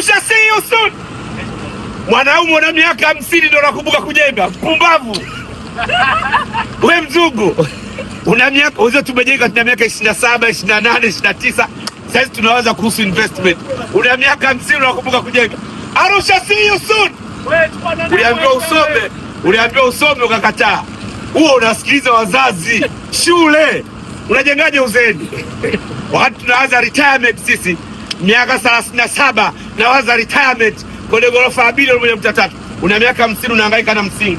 You shall see Mwanaume na miaka hamsini ndo nakumbuka kujenga mpumbavu we mzungu una miaka uzio, tumejenga tuna miaka ishirini na saba ishirini na nane ishirini na tisa sahizi tunawaza kuhusu investment. Una miaka hamsini unakumbuka kujenga. Arusha see you soon. Uliambiwa usome, uliambiwa usome ukakataa. Huo unasikiliza wazazi shule, unajengaje uzeni? Wakati tunawaza retirement sisi miaka thelathini na saba nawaza retirement kwenye ghorofa ya bilioni moja nukta tatu una miaka hamsini unahangaika na msingi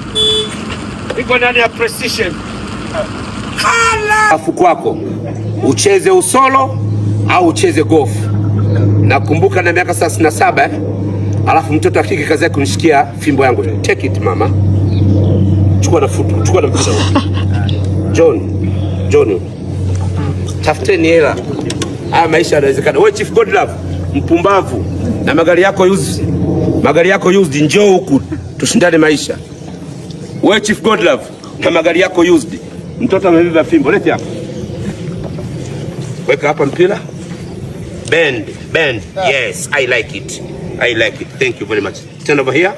iko ndani ya precision afu kwako ucheze usolo au ucheze gofu. Nakumbuka na miaka thelathini na saba eh? alafu mtoto akike kazi yake kunishikia fimbo yangu, take it mama, chukua na futu, chukua na mpira John, John, tafuteni hela haya maisha yanawezekana. Wewe Chief Godlove mpumbavu na magari yako used, magari yako used, njoo huku tushindane maisha. Wewe Chief Godlove na magari yako used, mtoto amebeba fimbo, leti hapa, weka hapa mpira, bend bend, ah. yes I like it, I like it, thank you very much, turn over here.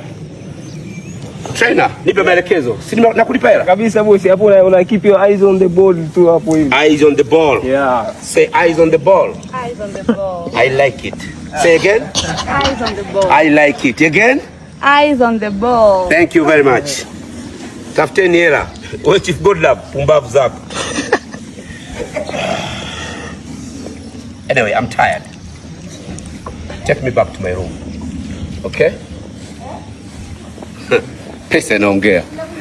Trainer, nipe maelekezo. Si nakulipa hela. Kabisa boss, hapo una una keep your eyes on the ball tu hapo hivi. Eyes on the ball. Yeah. Say eyes on the ball. Eyes on the ball. I like it. Say again. Eyes on the ball. I like it. Again? Eyes on the ball. Thank you very much. Tafuteni hela. Wewe Chief Godlove, pumbavu zako. Anyway, I'm tired. Take me back to my room. Okay? pesa inaongea.